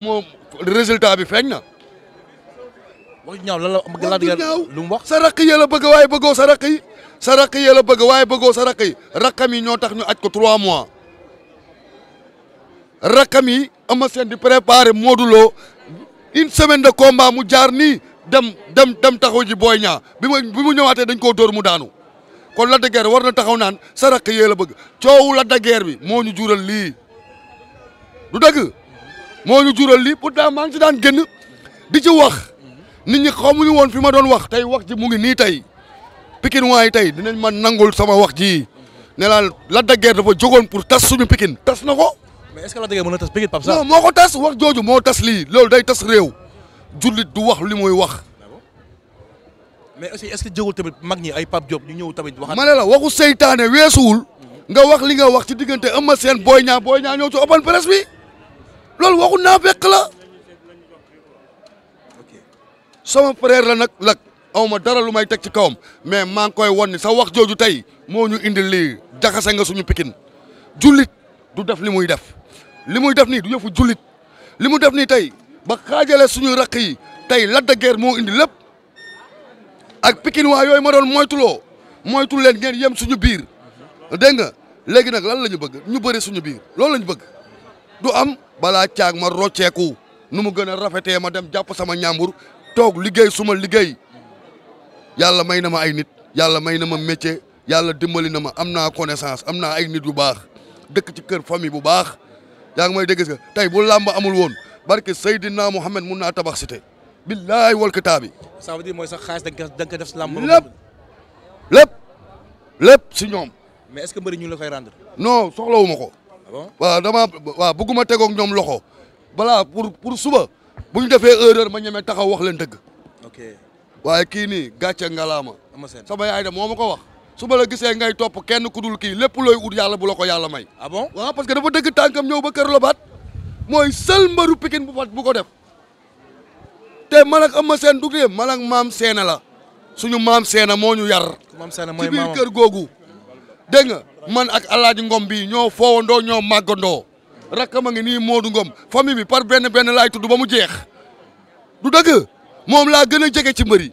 moom résultat bi feeñ na. wax ñaaw la lan lu mu wax. sa bëgg waaye bëggoo sa rakk yi sa rakk yi bëgg waaye bëggoo sa rakk yi ñoo tax ñu aj ko trois mois rakkam yi ama seen di préparer Modou Lo une semaine de combat mu jaar nii dem dem taxu ji booy ñaa bi mu bi mu ñëwaatee dañ koo door mu daanu kon la de war na taxaw naan sa rakk la bëgg coowu Lac de bi moo ñu jural lii du dëgg. moo ñu jural lii daa maa ngi ci daan génn di ci wax ni ñi xamuñu woon fi ma doon wax tey wax ji mu ngi nii tey pikin waay tey dinañ ma nangul sama wax ji ne laa Lac de Guiers dafa jógoon pour tas suñu pikin tas na ko. mais est mën na tas pikin Pape Sarr. moo ko tas wax jooju moo tas lii loolu day tas réew. jullit du wax li mooy wax. mais aussi est-ce tamit mag ñi ay Pape Diop ñu ñëw tamit. wax ma ne la waxu seytaane weesuwul. nga wax li nga wax ci diggante Eumeu seen Boy ñaa Boy ñaa ñëw ci open press bi. loolu waxu naa fekk la sama frère la nag lak awma dara lu may teg ci kawam mais maa ngi koy won ni sa wax jooju tey moo ñu indi lii jaxase nga suñu pikin jullit du def li muy def li muy def nii du yëfu jullit li mu def nii tey ba xaajale suñu rakk yi tey Lac de moo indi lépp ak pikin waa yooyu ma doon moytuloo moytul leen ngeen yem suñu biir dégg nga léegi nag lan la ñu bëgg ñu bëri suñu biir loolu lañu bëgg balaa caag ma rocceeku nu mu gën a rafetee ma dem jàpp sama ñàmbur toog liggéey suma liggéey yàlla may na ma ay nit yàlla may na ma métier yàlla dimbali na ma am naa connaissance am naa ay nit yu baax dëkk ci kër famille bu baax yaa ngi may dégg si tey bu làmb amul woon barke Seydina Mohamed mun naa tabax cité billaay wal kitaabi. ça veut dire mooy sax xaalis da nga ko def si làmb lépp si ñoom. mais est-ce que ñu la koy rendre. non soxlawu ma ko. Ah waaw dama waaw bëgguma tegoog ñoom loxo voilà pour pour suba bu ñu defee erreur ma ñemee taxaw wax leen dëgg. ok waaye kii nii gàcce ngalaama. sama yaay de moo ma ko wax. su ma la gisee ngay topp kenn ku dul kii lépp looy ut yàlla bu la ko yàlla may. ah bon waaw parce que dafa dëgg tànkam ñëw ba Kër Lobaat mooy seul mbaru Pikine bu fat bu ko def. te man ak Eumeu Sène du tee man maam Sène la suñu maam Sène moo ñu yar. maam Sène mooy maamam ci biir kër googu dégg man ak alaaji ngom bii ñoo foowandoo ñoo màggandoo rakkam a ngi nii Modou Ngom famille bi par benn benn laay tudd ba mu jeex du dëgg moom laa gën a jege ci mbëri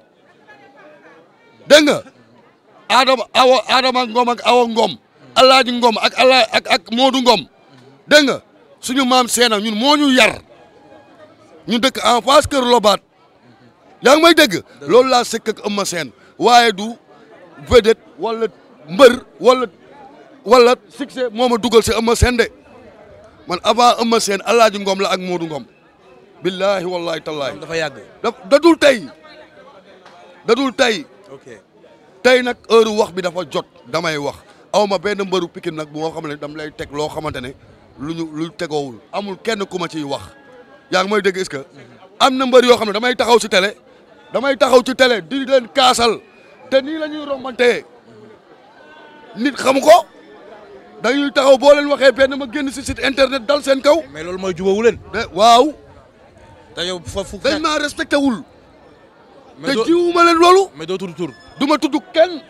dégg nga Adama awa Adama Ngom ak awa Ngom ak ala ak ak Modou Ngom dégg nga suñu maam seena ñun moo ñu yar ñu dëkk en face kër Lobaat yaa ngi may dëgg loolu laa sëkk ak ëmma seen waaye du vedette wala mbër wala wala succès moom ma dugal si Eumeu Sène de man avant Eumeu Sène Alaaji Ngom la ak Modou Ngom billaahi wallaahi tallaahi dafa yàgg dadul tey dadul tey ok tey nag heure wax bi dafa jot damay wax awma ma benn mbëru Pikine nag boo xam ne dam lay teg loo xamante ne lu ñu lu tegoowul amul kenn ku ma ciy wax yaa ngi may dégg est am na mbër yoo xam ne damay taxaw si tele damay taxaw ci télé di leen kaasal te nii la ñuy nit xamu ko dañuy taxaw boo leen waxee benn ma génn si site internet dal seen kaw. mais loolu mooy jubawu leen. waaw. te yow foofu dañ maa respecté wul. te jiwuma leen loolu. mais doo tudd tur. du ma tudd kenn.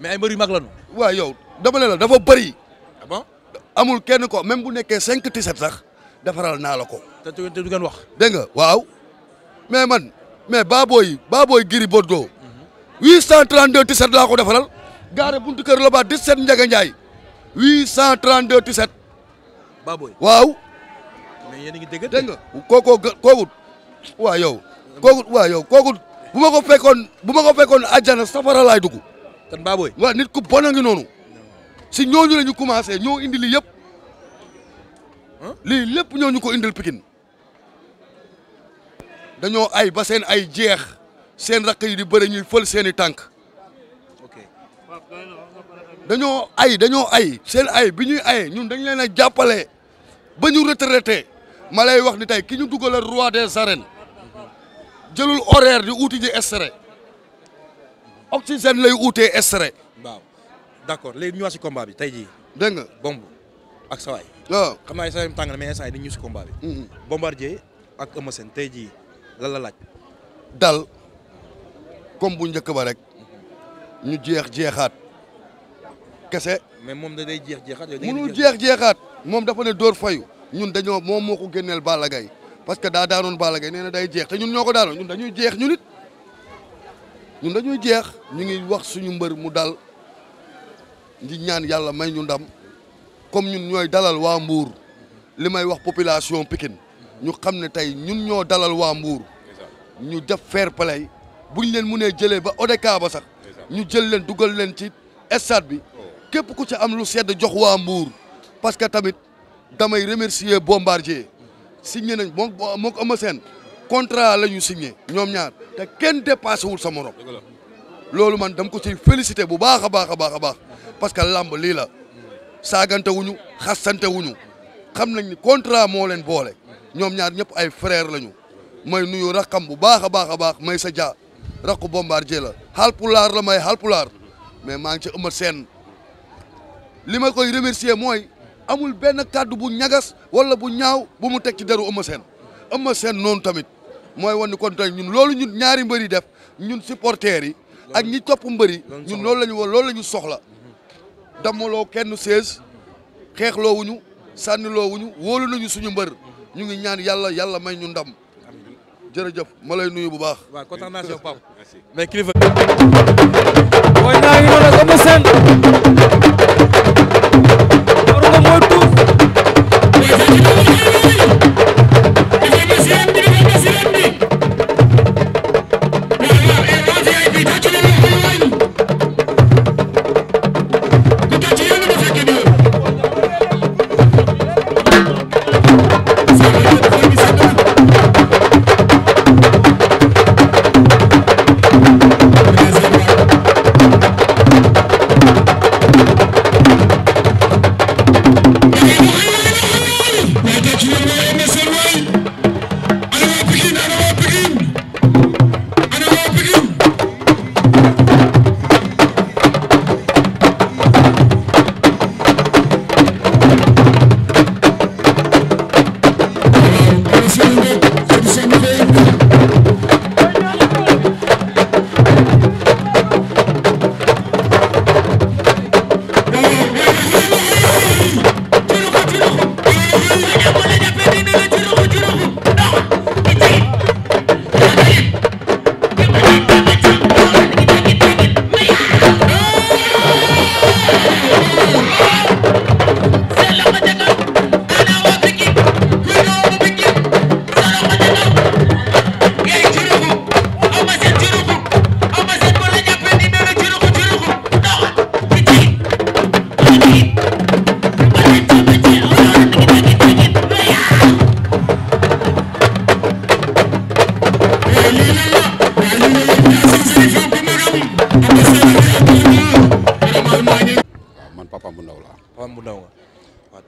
mais ay mbër yu mag lañu. waaw yow dama ne la dafa bëri. Ah amul kenn ko même bu nekkee 5 17 sax defaral naa la ko. te te du ngeen wax. dégg nga waaw. mais man mais Baboy Baboy Giri Bordeaux. 832 mhm. 17 laa ko defaral. gaare buntu kër la ba 17 Ndiaga Ndiaye. 832 17. waaw. mais yéen a ngi dégg dégg nga kooku waa yow. kooku waa yow kooku bu ma ko fekkoon bu ma ko fekkoon àjjana safara dugg. kan Baboy waaw nit ku bon a ngi noonu. si ñooñu la ñu commencé ñoo indi lii yëpp. lii lépp ñoo ñu ko indil Pikine dañoo ay ba seen ay jeex seen rakk yi di bëri ñuy fël seen i tànk. dañoo ay dañoo ay seen ay bi ñuy ay ñun dañ leen a jàppale ba ñu retraité ma lay wax ni tey ki ñu dugalal roi des arènes jëlul horaire di uuti ji extrait oxygène lay uutee extrait. waaw d'accord léegi ñu wax si combat bi tey jii. dégg nga bomb ak sawaay waaw xam naa saa yu si combat bi. Mm-hmm. bombardier ak Eumeu Sène tey jii lan laaj. dal comme bu njëkk ba rek ñu jeex jeexaat. kese. mais moom da day jeex jeexaat mënul jeex jeexaat moom dafa ne door fayu ñun dañoo moom moo ko génneel Balla Gaye parce que daa daanoon Balla Gaye nee day jeex te ñun ñoo ko daanoon ñun dañuy jeex ñun it ñun dañuy jeex ñu ngi wax suñu mbër mu dal di ñaan yàlla may ñu ndam comme ñun ñooy dalal waa mbuur li may wax population Pikine ñu xam ne tey ñun ñoo dalal waa mbuur ñu def fair play buñ leen mënee jëlee ba ODK ba sax ñu jël leen dugal leen ci stade bi képp ku ci am lu sedd jox waa Mbour parce que tamit damay remercier Bombardier signé nañ moom moom Eumeu Sène contrat la ñu signé ñoom ñaar te kenn dépassé wul sa morom loolu man dam ko ci félicité bu baax a baax a baax a baax parce que làmb lii la saagante wuñu xasante wuñu xam nañ ni contrat moo leen boole ñoom ñaar ñëpp ay frère lañu may nuyu rakkam bu baax a baax a baax may sa ja rakku Bombardier la xalpulaar la may xalpulaar mais maa ngi ci Eumeu Sène li ma koy remercier mooy amul benn kàddu bu ñagas wala bu ñaaw bu mu teg ci deru Eumeu Sène Eumeu Sène noonu tamit mooy wan ni kon tey ñun loolu ñun ñaari mbër def ñun supporters yi ak ñi topp mbër yi ñun loolu la ñu woon loolu la ñu soxla dammaloo kenn sées xeexloo wuñu sànniloo wuñu wóolu nañu suñu mbër ñu ngi ñaan yàlla yàlla may ñun ndam jërëjëf ma nuyu bu baax. waaw kontaan naa ngi noonu ak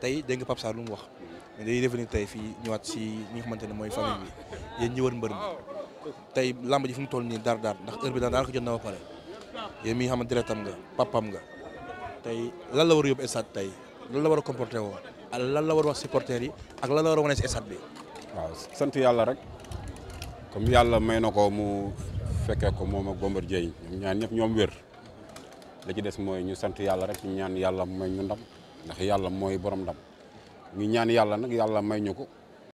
tey dégg nga Pape Sarr lu mu wax mais day revenir tey fii ñëwaat si ñi nga xamante ne mooy famille bi yéen ñi wër mbër mi tey làmb ji fu mu toll nii daar daar ndax heure bi daanaka jot na ba pare yéen mi nga xamante ne tam nga papam nga tey lan la war a yóbbu tey lan la war a comporté woo ak lan la war a wax supporters yi ak lan la war a wane si stade bi. waaw sant yàlla rek comme yàlla may na ko mu fekkee ko moom a Bombardier ñoom ñaan ñëpp ñoom wér la ci des mooy ñu sant yàlla rek ñu ñaan yàlla may ñu ndam. ndax yàlla mooy borom ndam ñu ñaan yàlla nag yàlla may ñu ko